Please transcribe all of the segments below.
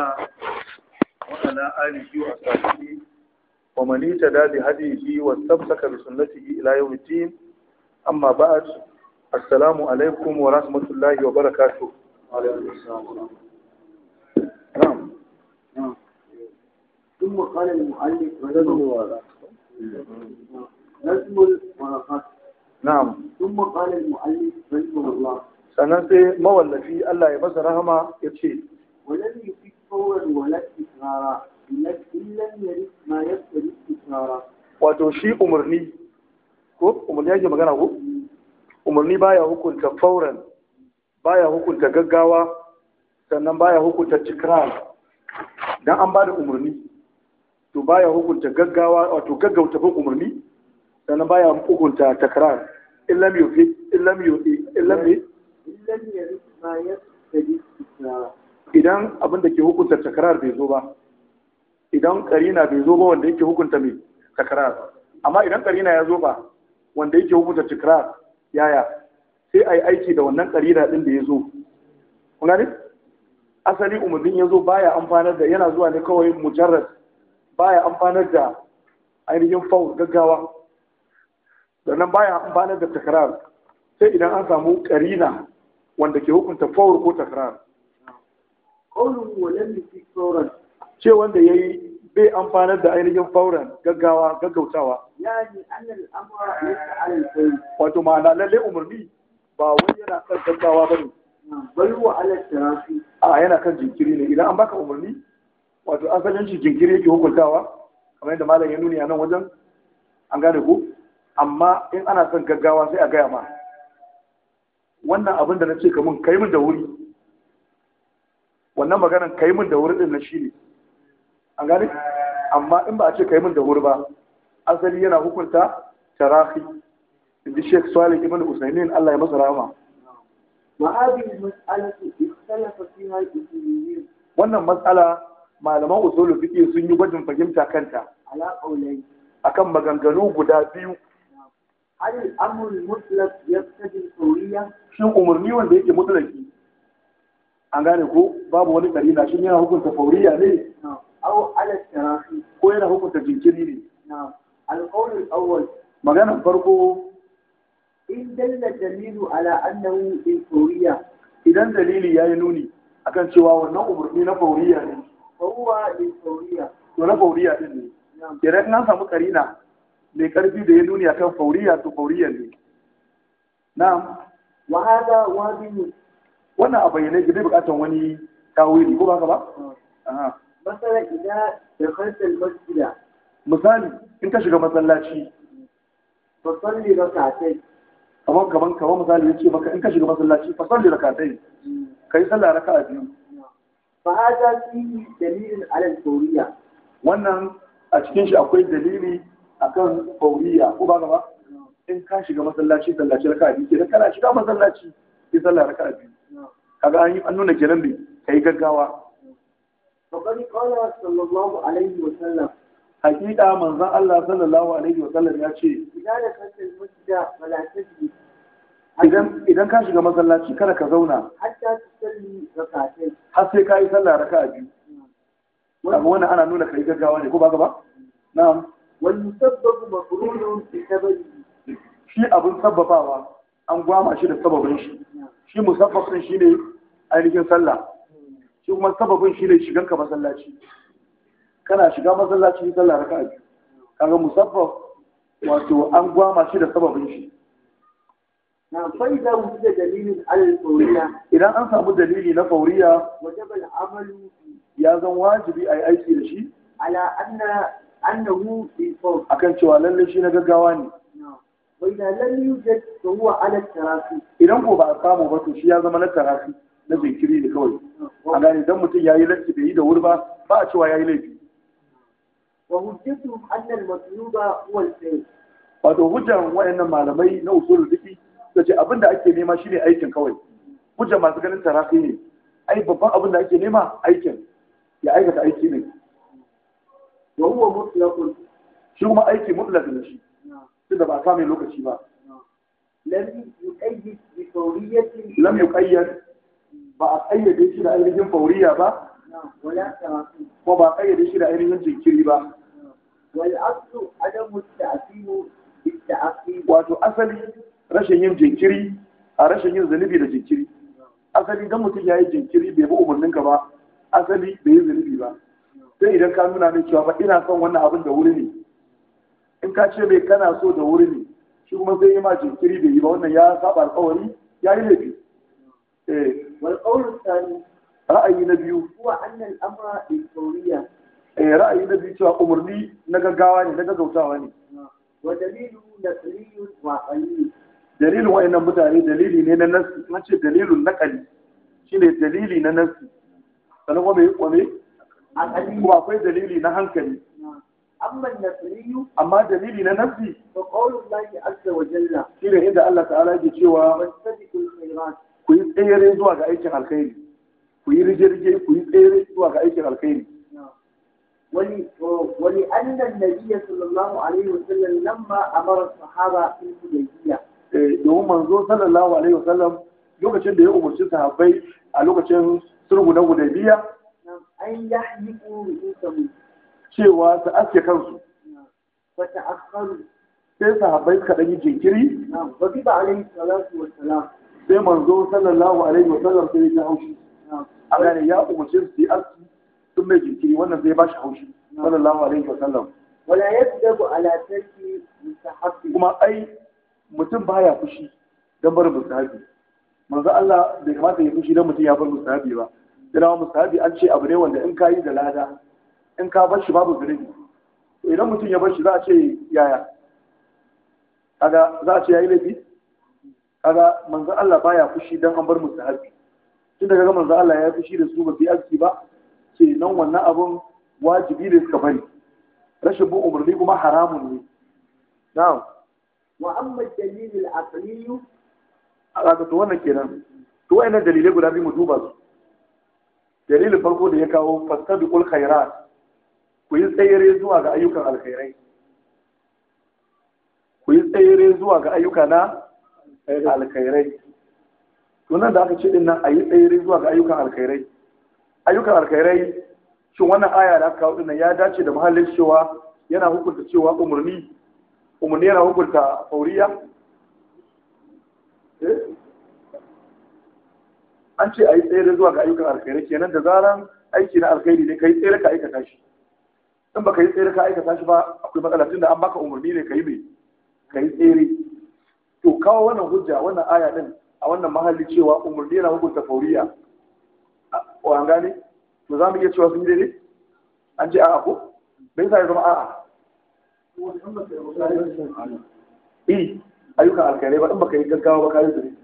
وعلى آله وصحبه ومن اهتدى بهديه واستمسك بسنته إلى يوم الدين أما بعد السلام عليكم ورحمة الله وبركاته وعليكم السلام ورحمة نعم نعم ثم قال المؤلف رجل نظم الورقات نعم ثم قال المعلق رحمه الله sannan sai في الله ya masa يبشي ya ce ولا wato shi umarni ko umarni yake magana ko umarni baya hukunta fauran baya hukunta gaggawa sannan baya hukunta tikrar dan an bada umarni to baya hukunta gaggawa wato gaggauta bin umarni sannan baya hukunta takrar illam yufi illam yufi illam illam yarif ma yastadi tikrar idan abin da ke hukunta takarar bai zo ba idan karina bai zo ba wanda yake hukunta mai takarar, amma idan karina ya zo ba wanda yake hukunta takarar, yaya sai a yi aiki da wannan karina din da ya zo kun gane asali umarnin ya zo baya amfanar da yana zuwa ne kawai mujarrad baya amfanar da ainihin faul gaggawa sannan baya amfanar da takarar sai idan an samu karina wanda ke hukunta faul ko takarar. qawlun wa lam yufi fawran ce wanda yi bai amfanar da ainihin fauran gaggawa gaggautawa yani annal amra laysa ala al wato ma'ana lalle umarni ba wani yana kan gaggawa bane bal wa ala a yana kan jinkiri ne idan an baka umarni wato asalin shi jinkiri yake hukuntawa kamar yadda malam ya nuni a nan wajen an gane ku amma in ana son gaggawa sai a gaya ma wannan abin da na ce ka mun kai min da wuri wannan maganan kai min da wuri din na shine an gane amma in ba a ce kai min da wuri ba asali yana hukunta tarahi inji Sheikh Salih Ibn Usaimin Allah ya masa rahama mas'alati ikhtalafa اختلف فيها الأصوليين wannan mas'ala malaman usulul fiqh sun yi gwajin fahimta kanta ala qawlai akan maganganu guda biyu hal al mutlaq yaqtadi al-fawriyya shin umarni wanda yake mutlaqi an gane ko babu wani dalila shi yana hukunta fauriya ne aw ala tarahi ko yana hukunta jinkiri ne al-qawl al-awwal maganar farko in dalla dalilu ala annahu in fauriya idan dalili yayi nuni akan cewa wannan umarni na fauriya ne fahuwa in fauriya to na fauriya din ne idan an samu karina mai karfi da ya nuni akan fauriya to fauriya ne na wa hada wannan a bayyane ki bai bukatan wani tawili ko ba ka ba masala idan da kalsal masjida misali in ka shiga masallaci fa salli rakatai kamar kaman kamar misali ya ce maka in ka shiga masallaci fa salli rakatai kai sallah a biyu fa hada fi dalilin ala tauriya. wannan a cikin shi akwai dalili akan tauriya, ko ba ka ba in ka shiga masallaci sallaci a biyu ke kana shiga masallaci sai sallah a biyu kaga an an nuna kenan bi kai gaggawa faqad qala sallallahu alaihi wa sallam hakika manzon Allah sallallahu alaihi wa sallam ya ce idan idan ka shiga masallaci kada ka zauna har sai ka yi sallah raka'a biyu wannan ana nuna kai gaggawa ne ko ba ka ba na'am wal musabbabu mafrurun fi sababi shi abun sababawa an gwama shi da sababin shi shi musabbab shi ne. ainihin sallah shi kuma sababin shi ne shigan ka masallaci kana shiga masallaci sallah raka a biyu kaga musabbab wato an gwama shi da sababin shi na da wuce dalilin al fawriya idan an samu dalili na fawriya wajaba al-amalu ya zan wajibi a yi aiki da shi ala anna annahu bi fawr akan cewa lalle shi na gaggawa ne wa idan lalle yujad fa huwa ala tarafi idan ko ba a samu ba to shi ya zama na tarafi na jinkiri ne kawai a gane don mutum ya yi laifi bai yi da wuri ba ba a cewa ya yi laifi wato hujjan wayannan malamai na usulul fiqh ce abinda ake nema shine aikin kawai hujjan masu ganin tarafi ne ai babban abin da ake nema aikin ya aikata aiki ne wa huwa mutlaqun shi kuma aiki mutlaq ne shi tunda ba kame lokaci ba lam yuqayyad bi fawriyatin lam yuqayyad ba a kayyade shi da ainihin fauriya ba ko ba a kayyade shi da ainihin jinkiri ba wato asali rashin yin jinkiri a rashin yin zunubi da jinkiri asali don mutum ya yi jinkiri bai bi ka ba asali bai yi zunubi ba sai idan ka nuna mai cewa ba ina son wannan abin da wuri ne in ka ce mai kana so da wuri ne shi kuma zai yi ma jinkiri bai yi ba wannan ya saba alkawari ya yi laifi eh, والقول الثاني ra'ayi na biyu huwa annal amra al-fawriya ra'ayi na biyu cewa umarni na gaggawa ne na gaggautawa ne wa dalilu naqliyun wa qaliyun dalilin wa'annan mutane dalili ne na nasu na ce dalilun naqali shine dalili na nasu sannan kuma me kuma akwai dalili na hankali amma nasriyu amma dalili na nafsi fa qawlullahi azza wa jalla shine inda Allah ta'ala yake cewa wasabiqul khairat ku yi tsere zuwa ga aikin alkhairi ku yi rige ku yi tsere zuwa ga aikin alkhairi wa sallam nan ma a وسلم لما أمر الصحابة jiya? الحديبية domin manzo sallallahu alaihi wasallam lokacin da ya umarci sahabbai a lokacin sulhu na hudaybiya an yahyiku rusukum cewa su aske kansu wa ta'akharu sai sahabbai kaɗan yi jinkiri wa bi alaihi salatu wa salam sai manzo sallallahu alaihi wa sallam sai ya haushi a ya umarci su yi aski sun mai jinkiri wannan zai ba shi haushi sallallahu alaihi wa sallam wala yasdabu ala tarki mustahabbi kuma ai mutum baya fushi dan barin mustahabi manzo Allah bai kamata ya fushi dan mutum ya bar mustahabi ba dinawa mustahabi an ce abu ne wanda in ka yi da lada in ka bar shi babu zunubi idan mutum ya bar shi za a ce yaya kaga za a ce yayi laifi kaga manzo Allah baya fushi dan an bar mu haƙi tun da kaga manzo Allah ya fushi da su ba bi yi ba ce nan wannan abun wajibi ne suka bari rashin bu umarni kuma haramun ne na'am wa amma al aqli kaga to wannan kenan to wayannan dalilai guda biyu mu duba su dalilin farko da ya kawo fastabiqul khairat ku yi tsayere zuwa ga ayyukan alkhairai ku yi tsayere zuwa ga ayyuka na alkhairai to nan da aka ce din nan a yi tsayiri zuwa ga ayyukan alkhairai ayyukan alkhairai shin wannan aya da aka kawo din nan ya dace da muhallin cewa yana hukunta cewa umarni umarni yana hukunta fauriya eh? an ce a yi tsere zuwa ga ayyukan alkhairai, kenan da zaran aiki na alkhairi ne ka yi tsere ka aikata shi in ba ka yi tsere ka aikata shi ba akwai matsala tunda an baka umarni ne ka yi mai ka yi tsere to kawo wannan hujja wannan aya din a wannan mahalli cewa umarni yana hukunta fauriya wa an gane to za mu iya cewa sun yi an ce a'a ko bai sa ya zama a'a eh ayyukan alkhairai ba in baka yi gaggawa ba kayi zuri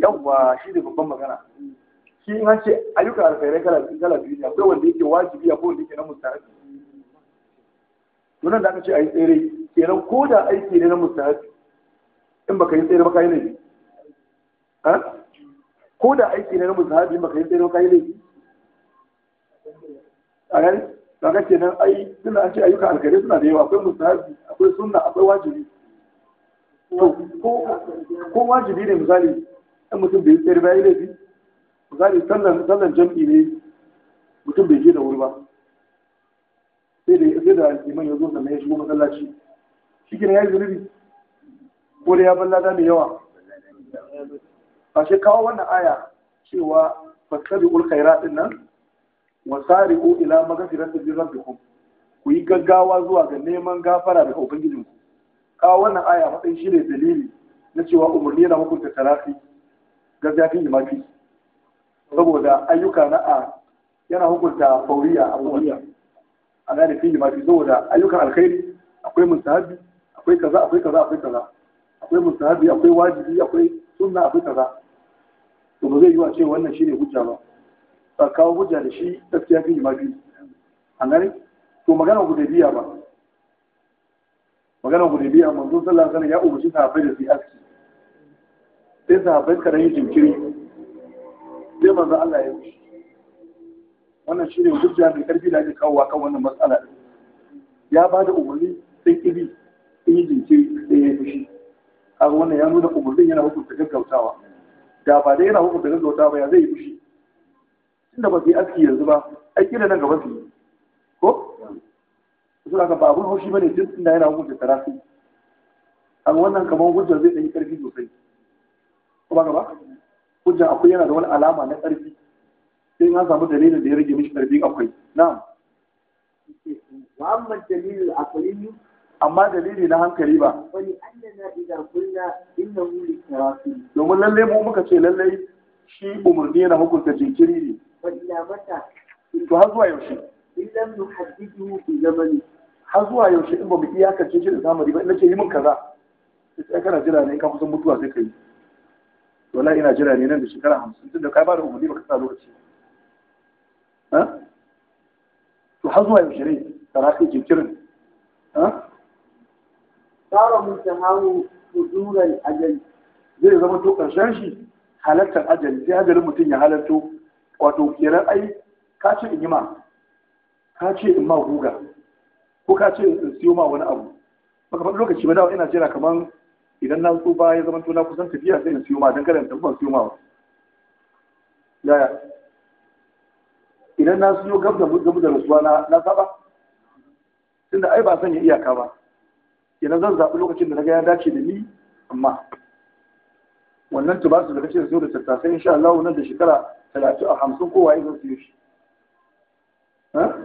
yawwa shi ne babban magana shi in an ce ayyukan alkhairai kala biyu ne akwai wanda yake wajibi akwai wanda yake na mustahabi nan da aka ce a yi tsere kenan ko da aiki ne na mustahabi in baka yi tsere baka yi laifi ko da aiki ne na mustahabi in baka yi tsere baka yi laifi a gani ce kenan ai suna an ce ayyuka alkhairai suna da yawa akwai mustahabi akwai sunna akwai wajibi to ko wajibi ne misali in mutum bai tsere ba yi laifi misali sallan sallan jam'i ne mutum bai je da wuri ba sai da sai da liman ya zo sannan ya shigo masallaci shi ya yi zunubi ko da ya bar lada mai yawa Ashe kawo wannan aya cewa fasabi ul khaira din nan wa sariqu ila maghfiratin rabbikum ku yi gaggawa zuwa ga neman gafara daga ubangijinku kawo wannan aya matsayin shi ne dalili na cewa umarni yana hukunta tarafi gaskiya kan jimafi saboda ayyuka na a yana hukunta fauriya a fauriya a gane fi ma fi saboda ayyukan alkhairi akwai musahabi akwai kaza akwai kaza akwai kaza akwai musahabi akwai wajibi akwai sunna akwai kaza to ba zai yi wa ce wannan shine hujja ba ba kawo hujja da shi gaskiya fi ma fi an gane to magana ku hudaybiya ba magana hudaybiya manzon sallallahu alaihi wasallam ya umarci sahabbai da su aski sai sahabbai kada yi jinkiri sai manzon Allah ya yi wannan ne hujja mai karfi da ake kawowa kan wannan matsala ɗin ya ba da umarni sai ƙiri sun yi jinkiri sai ya yi fushi kaga wannan ya nuna umarnin yana hukunta gaggautawa da ba dai yana hukunta gaggautawa ba ya zai yi fushi tunda ba su yi aski yanzu ba ai kila nan gaba su yi ko su haka ba abun haushi ne tun tunda yana hukunta tarafi a wannan kamar hujja zai ɗan yi ƙarfi sosai ko ba ka ba hujja akwai yana da wani alama na ƙarfi sai an samu dalilin da ya rage mishi tarbi akwai na'am Muhammad amma dalilin akwai amma dalili na hankali ba wani annana idan kunna innahu litarafi domin lalle mu muka ce lalle shi umarni yana hukunta jinkiri ne wa ila mata to har zuwa yaushe idan nuhaddidu bi zamani har zuwa yaushe in ba mu iyakance shi da zamani ba ina ce yi min kaza sai kana jira ne in ka kusan mutuwa sai kai wallahi ina jira ne nan da shekara 50 tunda kai ba da umarni baka sa lokaci ba to har zuwa yaushe ne tsara kai jinkirin tsara mutu haru hudurar ajali zai zama to ƙarshen shi halartar ajali sai ajalin mutum ya halarto wato kenan ai ka ce in yi ma ka ce in ma guga ko ka ce in siyo ma wani abu baka faɗi lokaci ba dawa ina jira kamar idan na tsufa ya zama to na kusan tafiya sai in siyo ma don kada in tafi ban siyo ma ba yaya idan na suno gab da gab da rasuwa na na saba tunda ai ba san ya iyaka ba idan zan zaɓi lokacin da na ga ya dace da ni amma wannan tubasu da kace zo da tattasai insha Allah nan da shekara 30 a 50 kowa ya zo su yi shi ha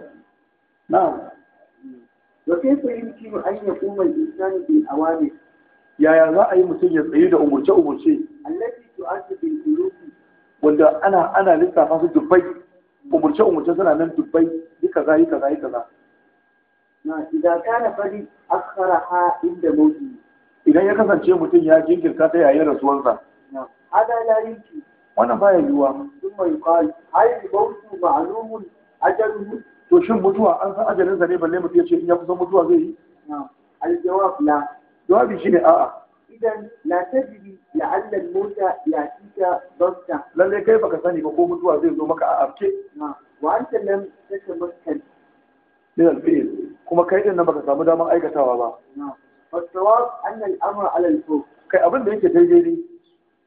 na'am wa kayfa yumkinu an yaquma al-insanu bil awamir yaya za a yi mutum ya tsaye da umurce umurce allati tu'addu bil qulubi wanda ana ana lissafa su dubbai umurce umurce suna nan dubbai yi kaza yi kaza yi kaza na idan na fari ha inda mauti idan ya kasance mutum ya jinkirta ta yayin rasuwarsa hada la yinki wannan baya yiwuwa sun mai kwari hayi mautu ma'lumun ajalun to shin mutuwa an san ajalinsa ne balle mutum ya ce in ya kusan mutuwa zai yi al-jawab la jawabi shine a'a idan la tajri la'alla al-mauta yatika basta lalle kai baka sani ba ko mutuwa zai zo maka a afke wa anta lam tatamakkan min al-fi'l kuma kai din nan baka samu daman aikatawa ba fasawab anna al-amra ala al-fawq kai abin da yake daidai ne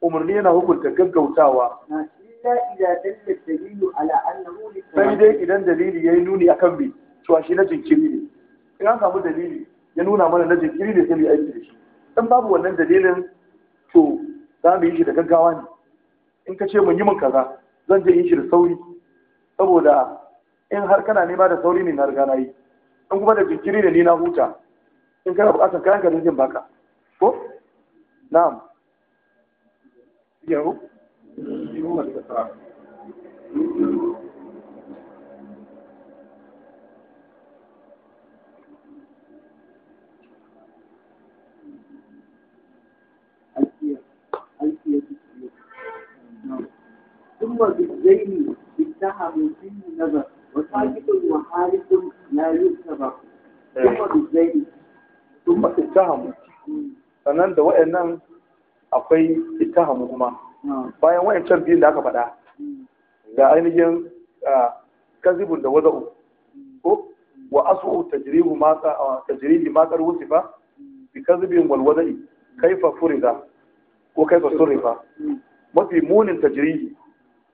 umarni yana hukunta gaggautawa illa idza dalla dalilu ala annahu li sai dai idan dalili yayi nuni akan bi to shi na jinkiri ne idan samu dalili ya nuna mana na jinkiri ne sai mu aiki da shi in babu wannan dalilin to za mu yi shi da gaggawa ne in ka ce mun yi mun kaza zan je yin shi da sauri saboda in har kana nema da sauri ne na riga na yi in kuma da jinkiri da ni na huta in kana bukatar kayan ka zan baka ko na'am yau ثم بالزين اتهموا فيه نظر وساكت وحارس لا يتبع ثم بالزين ثم اتهموا sannan da wa'annan akwai ittahamu kuma bayan wa'ancan biyun da aka faɗa ga ainihin kazibun da waza'u ko wa asu tajribu matsa tajribi matsar wusifa bi kazibin wal wada'i kaifa furida ko kaifa surifa mafi munin tajribi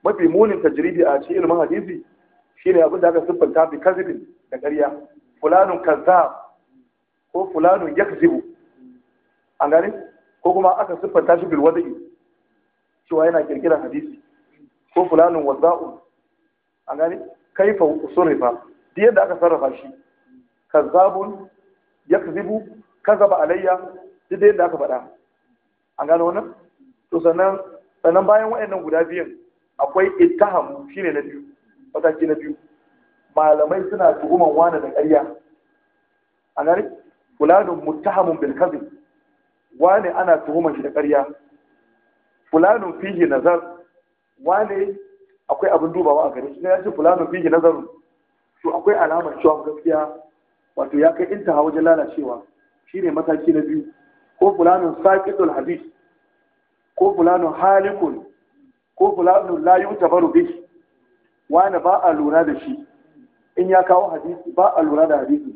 mafi munin tajribi a cikin ilimin hadisi shine abin da aka siffanta bi kazibin da ƙarya fulanun kazzab ko fulanun yakzibu an gane ko kuma aka siffanta shi bil wada'i cewa yana kirkira hadisi ko fulanun wadda'un an gane kaifa usurifa duk yadda aka sarrafa shi kazzabun yakzibu kazaba alayya duk yadda aka faɗa an gane wannan to sannan sannan bayan waɗannan guda biyan akwai ittaham shine na biyu mataki na biyu malamai suna tuhuman wani da ƙarya a nan fulanun mutahamun bilkazi wani ana tuhuman shi da ƙarya fulanun fihi nazar wani akwai abin dubawa a gare shi ya ce fulanun fihi nazarun to akwai alamar cewa gaskiya wato ya kai intaha wajen lalacewa shine mataki na biyu ko fulanun saqitul hadith ko fulanun halikun ko fulanu la yutabaru bi wani ba a lura da shi in ya kawo hadisi ba a lura da hadisi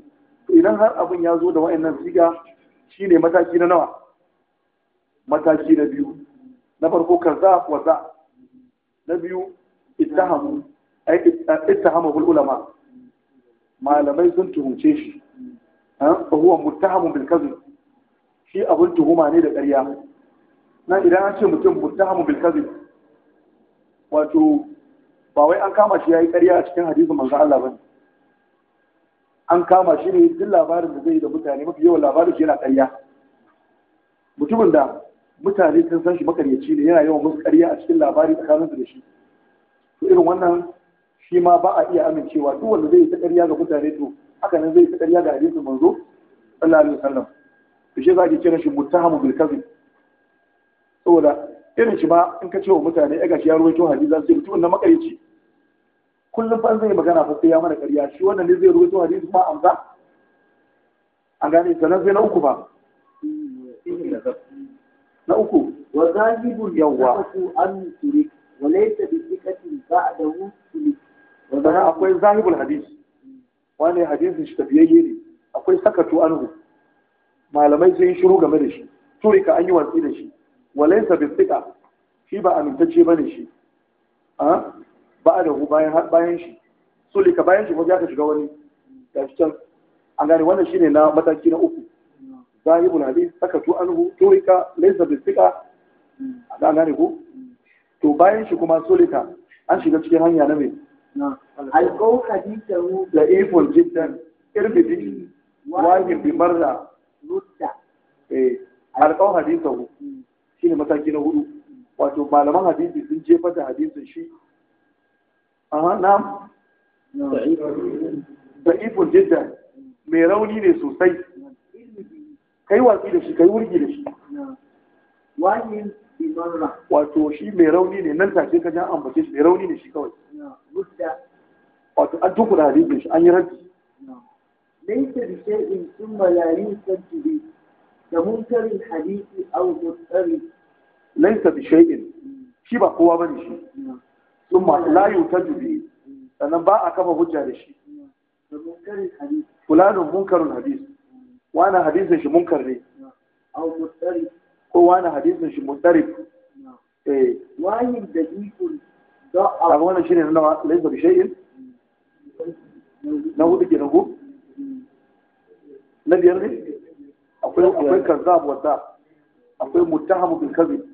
idan har abin ya zo da wa'annan siga shine mataki na nawa mataki na biyu na farko kaza wa za na biyu ittahamu ay ittahamu bil ulama malamai sun tuhumce shi fa huwa muttahamun bil kadhib shi abun tuhuma ne da ƙarya nan idan an ce mutum muttahamun bil kadhib wato ba wai an kama shi ya yi ƙarya a cikin hadisin manzo Allah bane an kama shi ne duk labarin da zai yi da mutane mafi yawan labarin shi yana ƙarya mutumin da mutane sun san shi makaryaci ne yana yawan musu ƙarya a cikin labari tsakanin su da shi to irin wannan shi ma ba a iya amincewa duk wanda zai yi ta ƙarya ga mutane to haka nan zai yi ta ƙarya ga hadisin manzo sallallahu alaihi wasallam to shi za ke kira shi muttahamu bil kadhib saboda irin shi ba in ka ce wa mutane ya gashi ya ruwaito hadisan sai mutumin na makarici kullum fa zai magana fa sai ya mana ƙarya shi wannan ne zai ruwaito hadisi ma Amza? an gane sannan sai na uku ba na uku wa zahibul yawwa an turik wa laysa bi thiqatin ba'dahu turik wa zahibul akwai zahibul hadis wani hadisin shi tafiyayye ne akwai sakatu anhu malamai sun shiru game da shi turika an yi watsi da shi walaysa bisika shi ba amintacce ba ne shi ba a dahu bayan bayan shi sulika bayan shi ko ya ka shiga wani gashi can an gane wannan shine na mataki na uku zahibul Saka tu anhu turika laysa bisika an gane ko to bayan shi kuma sulika an shiga cikin hanya na me. alƙaw hadithahu la'ifun jiddan irbidi wajib bi marra rutta eh alƙaw hadithahu hmm. shine mataki na hudu wato malaman hadisi sun jefa da hadisin shi aha na da'ifun jidda mai rauni ne sosai kai watsi da shi kai wurgi da shi wato shi mai rauni ne nan take ka jan ambace shi mai rauni ne shi kawai wato an tukura hadisin shi an yi rabi ليس بشيء ثم لا ينسب به كمنكر الحديث أو مضطرب laisa bi shay'in shi ba kowa bane shi thumma la yutaju bi sannan ba a kafa hujja da shi fulano munkarun hadis wani hadisin shi munkar ne ko wani hadisin shi mutarif eh wani dabiqun da abu wannan shine nawa laisa bi shay'in na hudu ke ko na biyar ne akwai kazzab wadda akwai mutahamu bil kadhib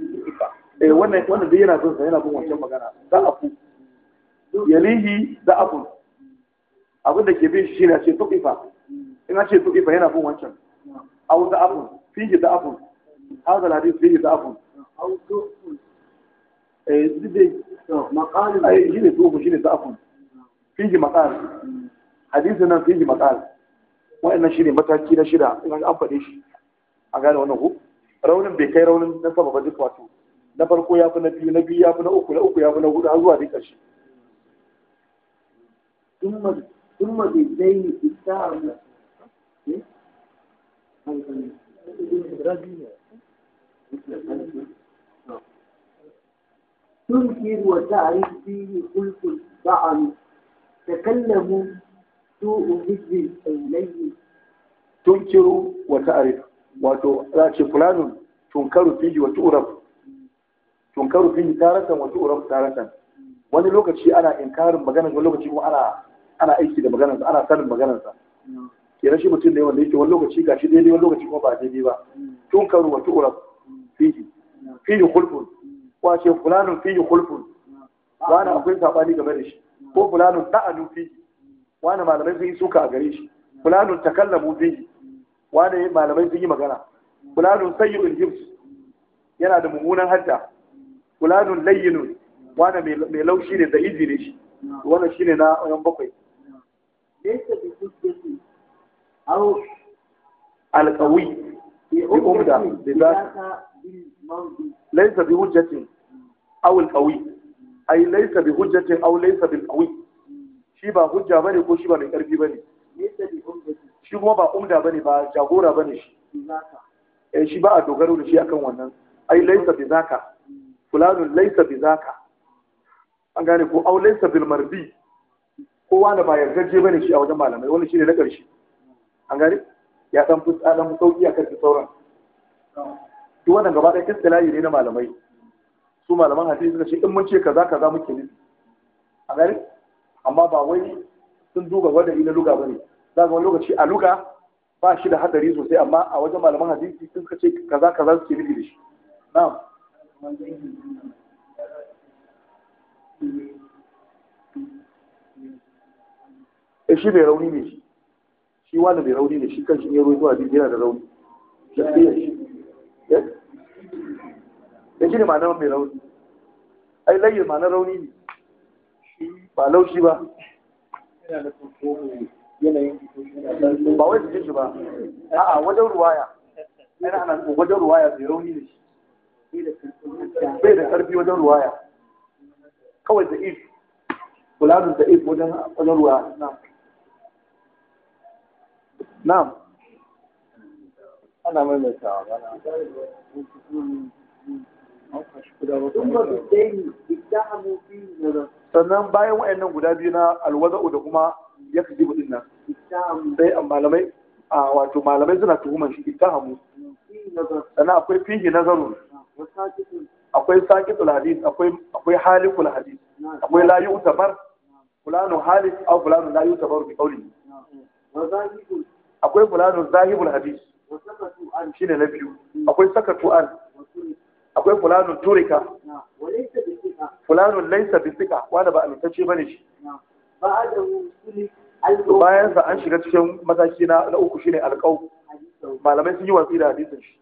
eh wannan wannan da yana son sa yana bin wancan magana da afu yalihi da afu abin da ke bin shi shine ce tuqifa in ce tuqifa yana bin wancan aw da afu fihi da afu هذا الحديث فيه ضعف او ضعف اي دي مقال اي جيني ضعف جيني ضعف فيه مقال حديثنا فيه مقال wa'annan shi ne mataki na shida in an faɗe shi a gane wannan ku raunin bai kai raunin na sababa ba duk wato na farko ya fi na biyu na biyu ya fi na uku na uku ya fi na hudu har zuwa dai ƙarshe تنكر وتعرف فيه خلق الطعن تكلموا سوء za a تنكر وتعرف وتعرف فلان تنكر فيه وتعرف tunkaru fi taratan wa tu'rafu taratan wani lokaci ana inkarin magana wani lokaci kuma ana ana aiki da maganar ana sanin maganar sa kenan shi mutum ne wanda yake wani lokaci shi daidai wani lokaci kuma ba daidai ba tunkaru wa tu'rafu fi fi hulfun wa ce fulanun fihi khulfun wani akwai sabani game da shi ko fulanun da'anu fi wani malamai sun yi suka a gare shi fulanun takallamu fi wani malamai sun yi magana fulanun sayyi'ul in yana da mummunan hadda fulanun layyinun wanda mai laushi ne da izi ne shi shi ne na yan bakwai Laisa bi hujjati aw alqawi bi umda bi zaka Laisa bi hujjati aw alqawi ai laisa bi hujjatin aw laisa bil qawi shi ba hujja bane ko shi ba mai karfi bane shi kuma ba umda bane ba jagora bane shi eh shi ba a dogaro da shi akan wannan ai laisa bi zaka fulanun laisa bi zaka an gane ko au laisa bil marbi kowa da ba yardaje bane shi a wajen malamai wani shine na ƙarshe an gane ya dan fi dan sauki akan su sauran to wannan gaba ɗaya layi ne na malamai su malaman hadisi suka ce in mun ce kaza kaza muke ni. An gane amma ba wai sun duba wanda na luga bane za ga wani lokaci a luga ba shi da hadari sosai amma a wajen malaman hadisi sun suka ce kaza kaza suke nufi da shi na'am e shi bai rauni ne shi shi wani bai rauni ne shi kan shi ne ruwa zuwa biyu yana da rauni ya eh? eh, shi ne ma'anar mai rauni ai layyar ma'anar rauni ne ba laushi ba ba wai jikin shi ba a'a wajen ruwaya yana ana wajen ruwaya bai rauni ne shi bai da ƙarfi wajen ruwaya kawai da if fulanun da if wajen wajen ruwaya na'am ana maimaitawa ba na sannan bayan wa'annan guda biyu na alwaza'u da kuma ya fi jibu dinnan sai malamai a wato malamai suna tuhumar shi ita hamu sannan akwai fihi nazarun akwai sakitul hadith akwai akwai halikul hadith akwai la yu'tabar fulanu halik aw fulanu la yu'tabar bi qawli akwai fulanu zahibul hadith shine na biyu akwai sakatu an akwai fulanu turika fulanu laysa bi wanda ba a amintacce bane shi bayan sa an shiga cikin mataki na uku shine alqaw malamai sun yi watsi da hadisin shi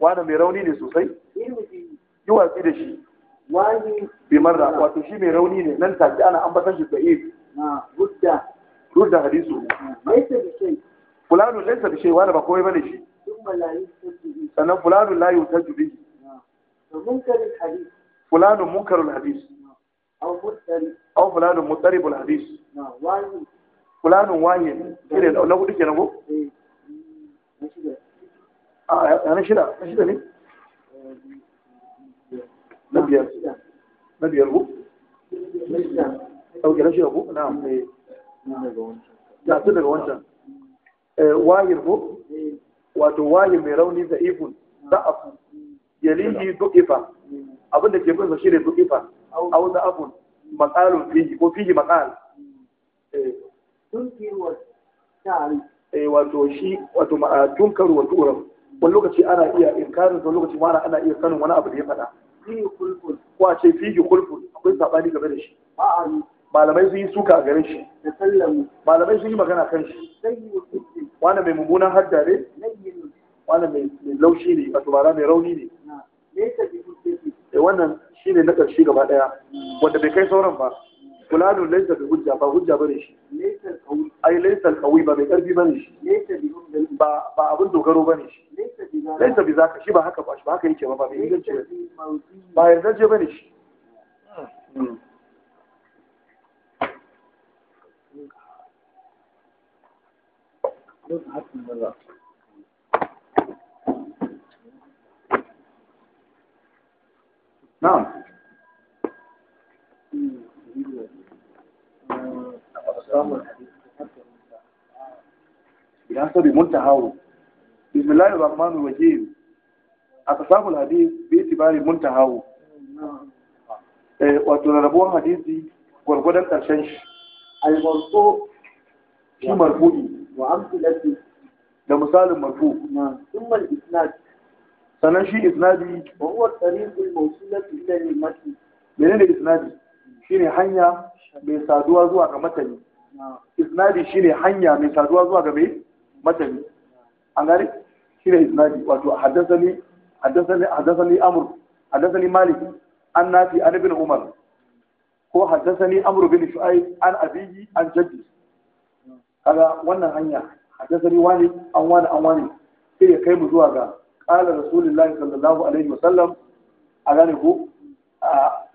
wani mai rauni ne sosai yi watsi da shi bi marra wato shi mai rauni ne nan take ana ambatan shi da'if rudda rudda hadisu laisa bi shay fulanu laisa bi shay wani ba komai bane shi sannan fulanu la yutaju bihi munkarul hadis fulanu munkarul hadis aw fulanu mutaribul hadis fulanun wahin shi ne na hudu kenan ko eh. a na shida na shida ne na biyar na biyar ku ɗauke na shida ku na mai eh. ya su daga wancan eh, wahir ku wato wahir mai rauni da ifun da afu yalihi duk abinda ke bin shi ne duk a au da afun makalun fihi ko fihi makal eh. wato shi wato tunkaru wa turam wani lokaci ana iya inkarin wani lokaci ma ana iya sanin wani abu da ya faɗa ko a ce fiye kulkul akwai saɓani game da shi malamai sun yi suka a garin shi malamai sun yi magana kan shi wani mai mummunan hadda ne wani mai laushi ne a tubara mai rauni ne eh, wannan shi ne na ƙarshe gaba ɗaya wanda bai kai sauran ba فلان ليس بهجة فهجة بنيش ليس القوي أي ليس القوي بمقرب بنيش ليس بهم بأبند غرو بنيش ليس بذاك شبه هكا باش بهكا يجي بابا بيجي بيجي بيجي بيجي بنيش نعم idan munta hawo bismillahir rahmanir rahim samu hadisi bi munta hawo eh wato rabuwar hadisi gwargwadon karshen shi ai wato shi marfu'i wa amsalati da misalin marfu thumma al-isnad sanan shi isnadi wa huwa tariqul mawsulati ila al-matn menene isnadi shine hanya mai saduwa zuwa ga matani isnadi shine hanya mai saduwa zuwa ga mai matani an gani shine isnadi wato haddasani haddasani haddasani amr haddasani malik an nafi an ibn umar ko haddasani amr bin shu'aib an abiyi an jaddi kaga wannan hanya haddasani wani an wani an wani sai ya kai mu zuwa ga qala rasulullahi sallallahu alaihi wasallam a gane ko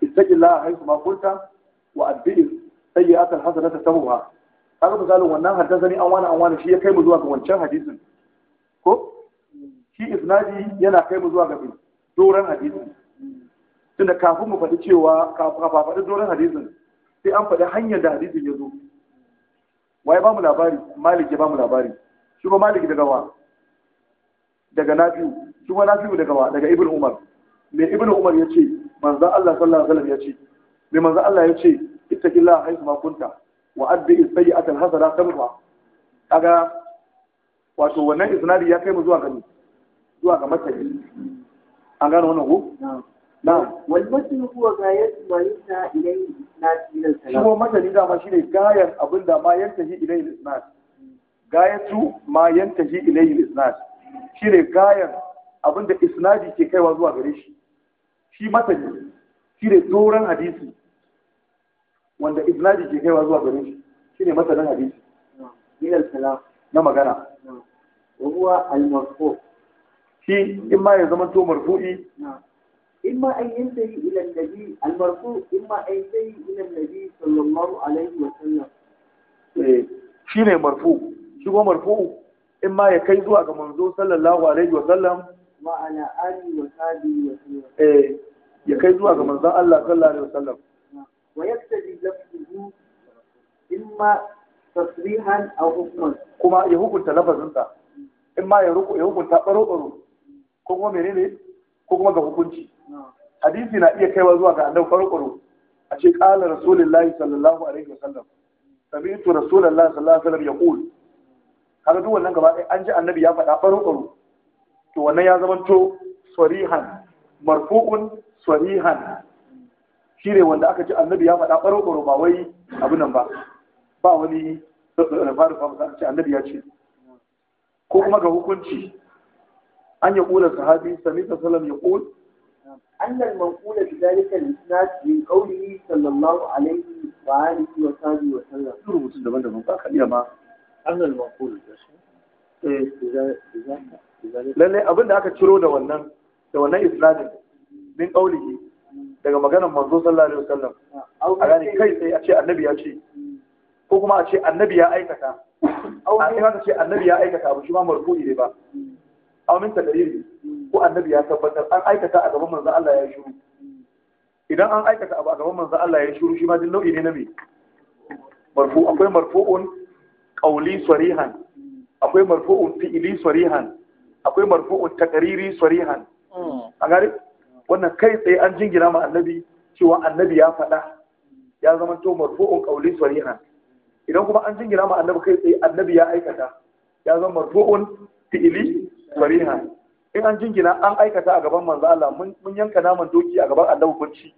ittaqillaha haythu ma kunta wa adbi'is sayyi'atan hasanatan tabuha kaga misalin wannan haddasa ni an wani an wani shi ya kai mu zuwa ga wancan hadisin ko shi isnadi yana kai mu zuwa ga Doran hadisin tunda kafin mu faɗi cewa kafin faɗi doron hadisin sai an faɗi hanyar da hadisin ya zo waye ba mu labari malik ya ba mu labari shi ba malik daga wa daga nafi'u shi ba nafi'u daga wa daga ibnu umar me ibnu umar ya ce manzon Allah sallallahu alaihi wasallam ya ce me manzon Allah ya ce ittaqillaha haythu ma kunta wa addi sayyi'ata al-hasana tamha kaga wato wannan isnadi ya kai mu zuwa gani, zuwa ga matsayi an gano wannan ko na'am wal matn huwa gayatu ma yusa ilayhi isnad ila al-salam kuma matani da ma shine gayan abinda ma yantahi ilayhi isnad gayatu ma yantahi ilayhi isnad shine gayan abinda isnadi ke kaiwa zuwa gare shi shi matani shine doran hadisi wanda isnadi ke kaiwa zuwa gare shi shine masanin hadisi ilal kalam na magana wa huwa al marfu shi in ma ya zama to marfu'i in ma an yantahi ila nabi al marfu in ma an yantahi ila nabi sallallahu alaihi wa sallam eh shine marfu shi go marfu in ma ya kai zuwa ga manzo sallallahu alaihi wa sallam Ma'ana ala wa sahbihi wa sallam eh ya kai zuwa ga manzo Allah sallallahu alaihi wa sallam ويكتفي لفظه إما تصريحا أو حكما كما يهوكم تلفظ ده إما يهوكم تبرو برو كما منين كما ده hukunci hadisi na iya kaiwa zuwa ga قال رسول a ce الله عليه sallallahu alaihi رسول الله صلى sallallahu alaihi وسلم يقول kaga duk wannan gaba an ji annabi ya faɗa farko to wannan ya zamanto sarihan marfu'un sarihan shi ne wanda aka ji annabi ya faɗa ɓaro ɓaro ba wai abin nan ba ba wani rufa eh, rufa eh, ba aka ce annabi ya ce ko kuma ga hukunci an ya ƙula sahabi sami ta salam ya ƙul annal manqula bi dalika al min qawlihi sallallahu alaihi wa alihi wa sahbihi wa sallam duru mutum daban-daban ba ka iya ma annal manqula da shi lallai abin da aka ciro da wannan da wannan isnadin min qawlihi daga maganar manzo sallallahu alaihi wasallam a gane kai sai a ce annabi ya ce ko kuma a ce annabi ya aikata a in aka ce annabi ya aikata abu shi ma marfu'i ne ba aw min taqriri ko annabi ya tabbatar an aikata a gaban manzo Allah ya shiru idan an aikata abu a gaban manzo Allah ya shiru shi ma din nau'i ne na me marfu akwai marfu'un qawli sarihan akwai marfu'un fi'li sarihan akwai marfu'un taqriri sarihan hmm. a gare wannan kai tsaye an jingina ma annabi cewa annabi ya faɗa ya zama to marfu'un qawli sarihan idan kuma an jingina ma annabi kai tsaye annabi ya aikata ya zama marfu'un fi'ili sarihan in an jingina an aikata a gaban manzo Allah mun yanka naman doki a gaban annabi hukunci,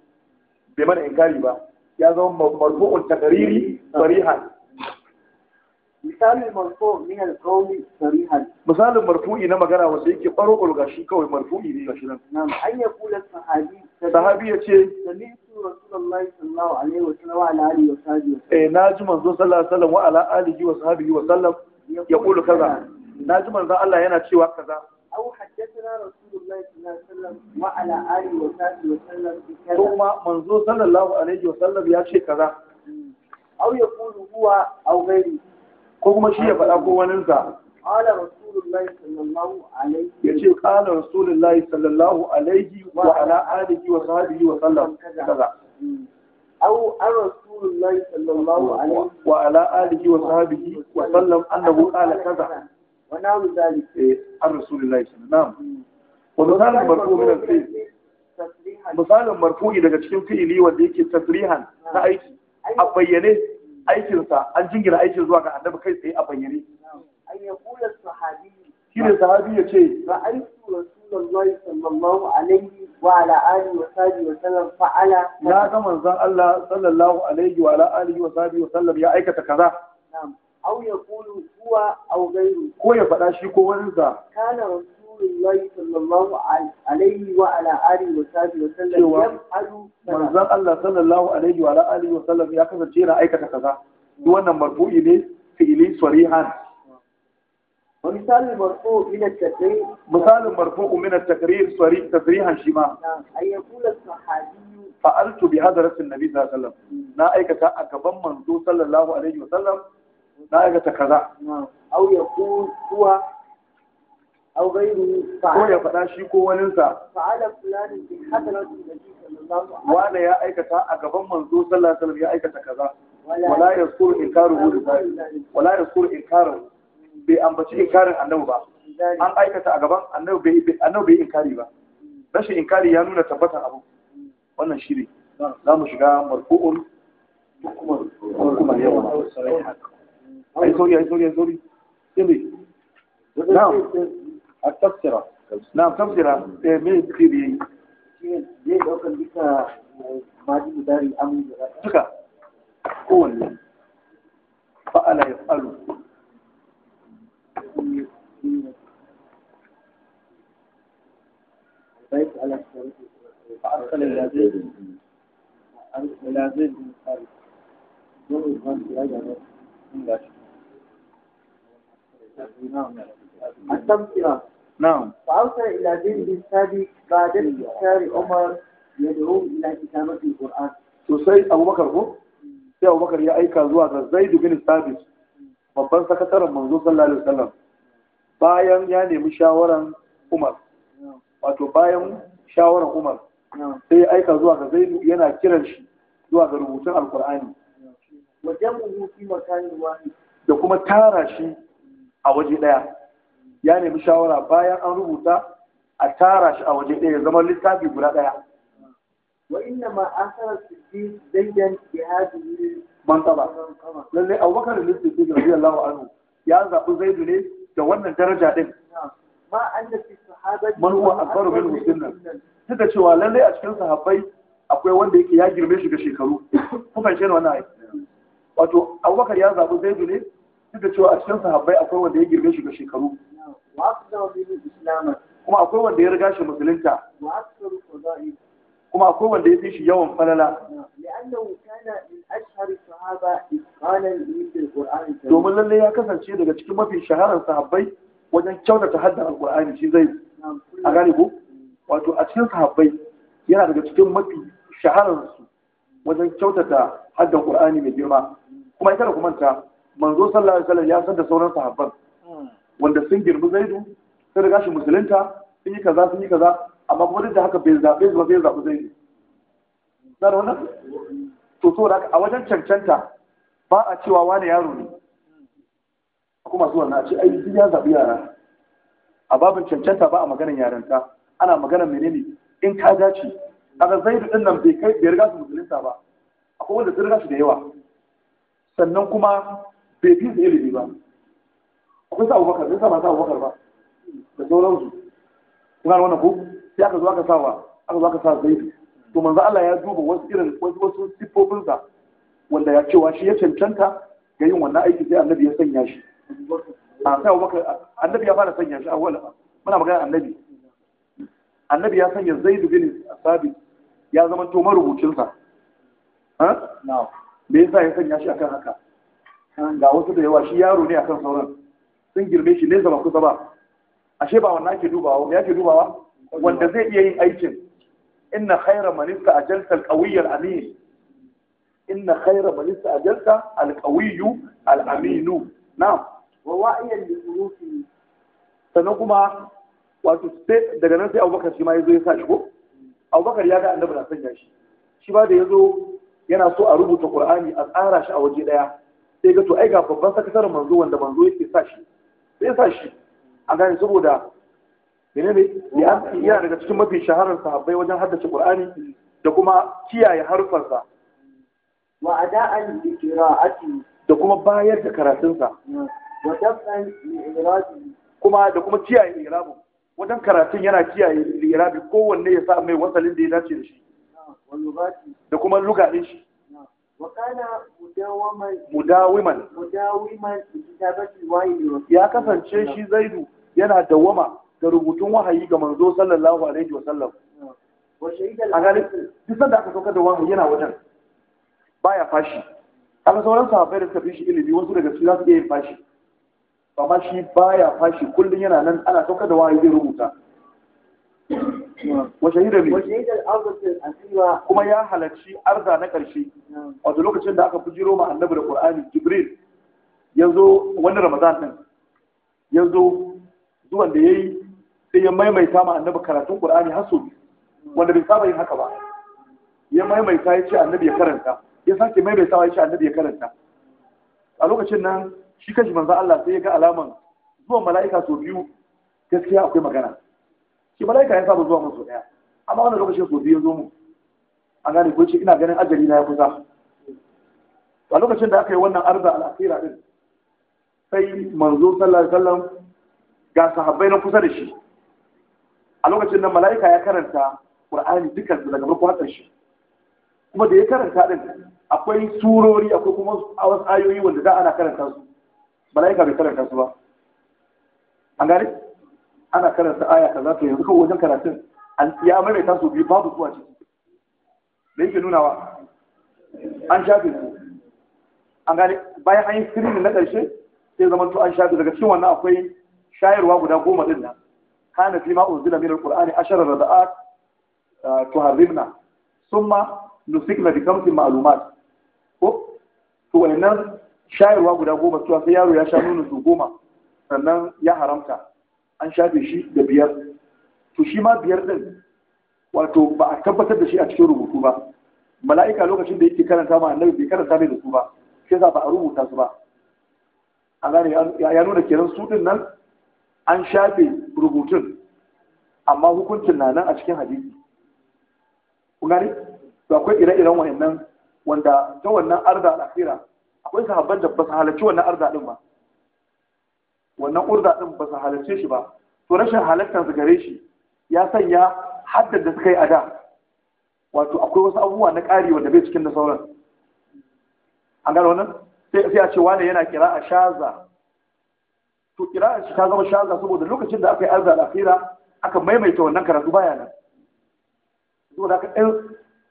bai mana inkari ba ya zama marfu'un takariri sarihan misalin marfu min al-qawli sarihan misalin marfu'i na magana wanda yake baro baro shi kawai marfu'i ne shi nan na'am an ya kula sahabi sahabi yace sami'tu rasulullahi sallallahu alaihi wa sallam wa ala alihi wa sahbihi eh naji manzo sallallahu alaihi wa sallam wa ala alihi wa sahbihi wa sallam yaqulu kaza naji manzo Allah yana cewa kaza أو حدثنا رسول الله صلى الله عليه وسلم وعلى wa وصحبه وسلم بكذا ثم منظور صلى الله wa وسلم ya ce كذا أو يقول هو أو غيره ko kuma shi ya faɗa ko waninsa. ya ce ƙala rasulullahi sallallahu alaihi wa ala wa sahabihi wa sallam kaza au an wa ala wa sallam annahu qala kaza wa na'am dalik eh an rasulullahi sallallahu wa misalan marfu min al daga cikin fi'ili wanda yake tasrihan na aiki a bayyane aikinsa an jingina aikin zuwa ga annabi kai tsaye a bayyane ya shi ne sahabi ya ce ra'aytu rasulullahi sallallahu alaihi wa ala wa sahbihi wa sallam fa'ala ya ga manzon Allah sallallahu alaihi wa ala'ani wa sahbihi wa sallam ya aikata kaza na'am aw ya kulu huwa aw ghayru ko ya faɗa shi ko wani sa kana rasulullahi sallallahu alaihi wa ala alihi wa sahbihi wa sallam yaf'alu manzon Allah sallallahu alaihi wa ala alihi wa sallam ya kasance yana aikata kaza wannan marfu'i ne fi'ili sarihan Misalin marfu' min at-takrir marfu' min at-takrir sarih tasrihan shi ma ay fa'altu bi hadratin nabi sallallahu alaihi wa sallam na aikata a gaban manzo sallallahu alaihi wa sallam na aikata kaza au yaqul huwa ko ya faɗa shi ko waninsa fa'ala wanda ya aikata a gaban manzo sallallahu alaihi ya aikata kaza wala yaskuru inkaruhu da zai wala yaskuru inkaruhu bai ambaci inkarin annabi ba an aikata a gaban annabi bai annabi bai inkari ba rashin inkari ya nuna tabbatar abu wannan shi ne za mu shiga marfu'un kuma yawa ai sorry ai sorry ai sorry sai na'am a tafsira na tafsira eh me ke بيت على الشريف فأرسل زيد زيد بن التبصرة نعم فأرسل إلى جنب السادي بعد انتشار عمر يدعو إلى كتابة القرآن ko sai abubakar ya aika zuwa ga zaidu bin sabit babban sakataren manzo sallallahu alaihi wasallam bayan ya nemi shawaran umar wato bayan shawaran sai aika zuwa ga zaidu yana kiran shi zuwa ga rubutun alkur'ani wajen fi wani da kuma tara shi a waje daya ya nemi shawara bayan an rubuta a tara shi a waje ɗaya zama littafi guda ɗaya wa inna ma asara siddiq zayyan ne. hadhihi manqaba lalle abubakar bin siddiq lawa anu ya zaɓi zaidu ne da wannan daraja ɗin? ma anna fi sahabati man huwa akbaru bin musulmi. duk da cewa lalle a cikin sahabbai akwai wanda yake ya girme shi ga shekaru kuma shi wannan ai wato abubakar ya zaɓi zaidu ne duk da cewa a cikin sahabbai akwai wanda ya girme shi ga shekaru kuma akwai wanda ya riga shi musulunta kuma akwai wanda ya fi shi yawan falala domin lalle ya kasance daga cikin mafi shaharar sahabbai wajen kyautata haddar alkur'ani shi zai a gane ko wato a cikin sahabbai yana daga cikin mafi shahararsu wajen kyautata haddar alkur'ani mai girma kuma ita da kumanta manzo sallallahu alaihi wasallam ya san da sauran sahabban hmm. wanda sun girbi zaidu sun da shi musulunta sun yi kaza sun yi kaza amma kuma duk da haka bai zaɓe zuwa bai zaɓi zaidu na da wannan to to a wajen cancanta ba a cewa wani yaro ne kuma zuwa na ce ai duk ya zaɓi yara a babin cancanta ba a maganar yaranta ana maganar menene in ka dace kaga zaidu din nan bai kai bai riga su musulunta ba akwai wanda sun riga su da yawa sannan kuma bai fi su ilimi ba akwai sa abubakar sun sa ba sa abubakar ba da sauransu kuna da wannan ko sai aka zo aka sa wa aka zo aka sa zaidu to manzo Allah ya duba wasu irin wasu wasu siffofinsa wanda ya cewa shi ya cancanta ga yin wannan aiki sai annabi ya sanya shi a sai abubakar annabi ya fara sanya shi a wala muna magana annabi annabi ya sanya zaidu bin sabit ya zama to marubucinsa ha me yasa ya sanya shi akan haka ga wasu da yawa shi yaro ne akan sauran sun girme shi nesa ba kusa ba ashe ba wannan ake dubawa ya ke dubawa wanda zai iya yin aikin inna khaira man istajalta al-qawiyyu al-amin inna khaira man istajalta al-qawiyyu al-amin na'am wa wa'iyan li urufi sannan kuma wato sai daga nan sai Abubakar shi ma yazo ya sa shi ko Abubakar ya ga Annabi na sanya shi shi ba da yazo yana so a rubuta Qur'ani a tsara shi a waje daya sai ga to ai ga babban sakataren manzo wanda manzo yake sa shi sai sa shi a gane saboda ya yana daga cikin mafi shaharar sahabbai wajen haddace qur'ani da kuma kiyaye harfansa wa ada'an qira'ati da kuma bayar da karatunsa wa dafan mi'raji kuma da kuma kiyaye irabu wajen karatun yana kiyaye mi'rabi kowanne ya sa mai wasalin da ya dace da shi da kuma lugadin shi mudawiman ya kasance shi zaidu yana dawama da rubutun wahayi ga manzo sallallahu alaihi wa sallam a gani duk sanda aka sauka da wahayi yana wajen baya fashi aka sauran sahabbai da suka fi shi ilimi wasu daga su za su iya yin fashi amma shi baya fashi kullum yana nan ana sauka da wahayi zai rubuta wa shahida bi kuma ya halarci arza na ƙarshe, wato lokacin da aka fujiro ma annabi da qur'ani jibril ya zo wani ramadan din zo zuwan da ya yi, sai ya maimaita ma annabi karatun qur'ani har sau wanda bai saba yin haka ba ya maimaita ya ce annabi ya karanta ya sake maimaitawa ya ce annabi ya karanta a lokacin nan shi kashi manzo Allah sai ya ga alaman zuwan mala'ika sau biyu gaskiya akwai magana shi malaika ya saba zuwa musu daya amma wani lokacin su biyu zo mu an gane ko ce ina ganin ajali na ya kusa a lokacin da aka yi wannan arza al'akira din sai manzo sallallahu alaihi ga sahabbai na kusa da shi a lokacin nan mala'ika ya karanta qur'ani dukkan su daga farko har ƙarshe kuma da ya karanta din akwai surori akwai kuma wasu ayoyi wanda za ana karanta su mala'ika bai karanta su ba an gane ana karanta aya kaza to yanzu kawai wajen karatun ya mai ta biyu babu zuwa ciki da yake nunawa an shafe su an gane bayan an yi sirri na ƙarshe sai zama to an shafe daga cikin wannan akwai shayarwa guda goma din nan kana fi ma unzila min alqur'ani ashara rada'at ah, tuharrimna summa nusikna bi kamti ma'lumat ko to wannan shayarwa guda goma to sai yaro ya sha nono su goma sannan ya haramta an shafe shi da biyar to shi ma biyar din wato ba a tabbatar da shi a cikin rubutu ba mala'ika lokacin da yake karanta ma annabi bai karanta mai da su ba shi yasa ba a rubuta su ba a gane ya nuna kenan su din nan an shafe rubutun amma hukuncin na nan a cikin hadisi kuma ne to akwai ire-iren wayannan wanda ta wannan arda al'akira akwai sahabban da ba su halarci wannan arda din ba wannan urda din ba su halarce shi ba to rashin halartar su gare shi ya sanya haddar da suka yi a da wato akwai wasu abubuwa na ƙari wanda bai cikin da sauran an gano wannan sai a ce wane yana kira a shaza to kira a ta zama shaza saboda lokacin da aka yi arza akira aka maimaita wannan karatu baya nan saboda haka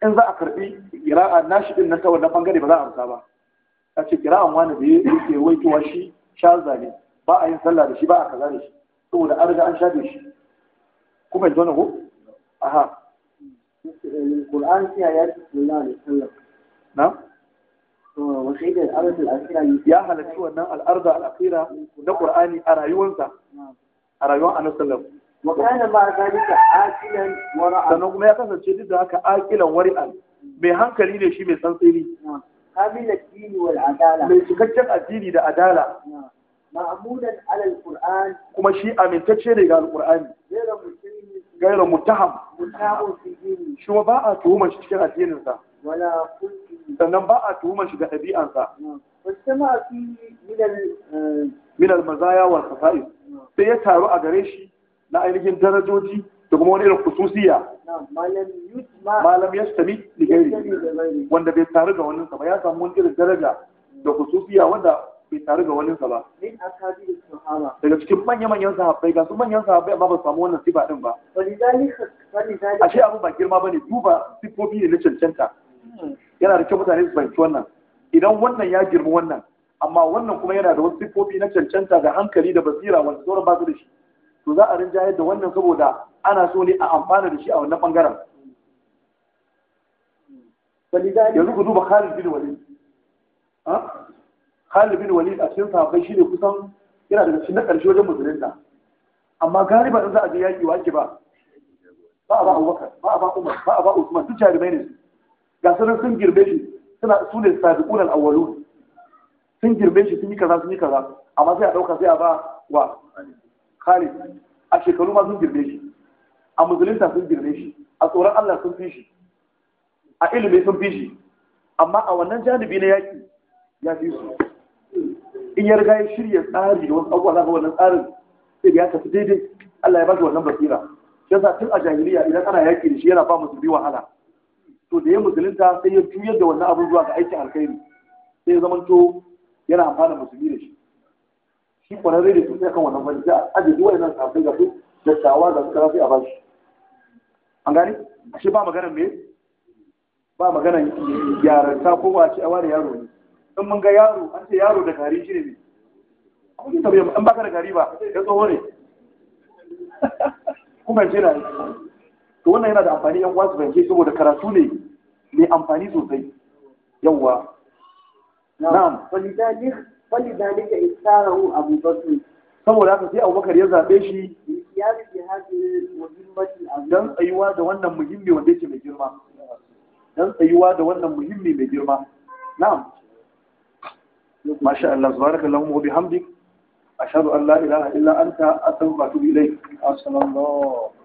in za a karbi kira'a nashi din nan ta wannan bangare ba za a amsa ba a ce kira'an wani da ya ke waitowa shi shaza ne ba a yin sallah da shi ba a kaza da shi saboda an riga an shafe shi ku fahimci wannan ko aha Qur'an sai ya ce sallallahu da wasallam na wa shaidar arz al-akhira ya halarci wannan al-arz al-akhira na Qur'ani a rayuwarsa a rayuwar Annabi sallallahu alaihi wasallam wa kana ma zalika aqilan wara'a sannan kuma ya kasance duk da haka aqilan wari'an mai hankali ne shi mai tsantsiri kamil ad wal adala mai cikakken addini da adala ma'amudan alal qur'an kuma shi amintacce ne ga alqur'ani gaira mutaham shi ba a tuhumar shi cikin addinin sa sannan ba a tuhumar shi ga ɗabi'an sa min al eh, mazaya wal khasa'is sai ya taru a gare shi na ainihin darajoji da kuma wani irin khususiya malam ya sami ligari wanda bai taru ga wannan sa ba ya samu wani irin daraja da khususiya wanda bai taru ga wani ba daga cikin manya-manyan sahabbai ga su manyan sahabbai amma ba su samu wannan sifa din ba ashe abu ba girma bane duba sifofi ne na cancanta hmm. yana da kyau mutane su fahimci wannan idan wannan ya girma wannan amma wannan kuma yana da wasu sifofi na cancanta da hankali da basira wanda sauran ba su da shi to za a rinjayar da wannan saboda ana so ne a amfana da shi a wannan bangaren hmm. yanzu ku duba Khalid bin Walid Khalid bin Walid a cikin sahabbai shine kusan yana daga cikin na ƙarshe wajen musulunta amma galiba in za a je yaƙi wa ake ba ba a ba Abubakar ba a ba Umar ba a ba Usman duk jarumai ne ga sanar sun girbe shi suna su ne sabiqun al-awwalun sun girbe shi sun yi kaza sun yi kaza amma sai a ɗauka sai a ba wa Khalid a shekaru ma sun girbe shi a musulunta sun girbe shi a tsoron Allah sun fi shi a ilimi sun fi shi amma a wannan janibi na yaƙi ya fi su in ya riga ya shirya tsari da wasu abubuwa zaka wannan tsarin sai ya tafi daidai Allah ya ba shi wannan basira yasa tun a jahiliya idan ana yaƙi da shi yana ba musulmi wahala to da ya musulunta sai ya juyar da wannan abubuwa ga aikin alkhairi sai ya zamanto yana amfana musulmi da shi shi kwararre da sosai kan wannan fanni sai a ajiye wa'annan safai ga su da shawa da suka rafi a bashi. an gani shi ba maganar me ba maganar yaranta ko kowa a ce a ware yaro ne in mun ga yaro an ce yaro da gari shi ne kun tabi in baka da gari ba ya tsoho ne kuma ce na to wannan yana da amfani yan wasu banke saboda karatu ne mai amfani sosai yawwa na'am walidalik walidalik istarahu saboda haka sai abubakar ya zabe shi don tsayuwa da wannan muhimmi wanda yake mai girma dan tsayuwa da wannan muhimmi mai girma na'am masha Allah subhanakallahu Hamdi. bihamdik Allah an la ilaha illa anta astaghfiruka wa atubu ilayk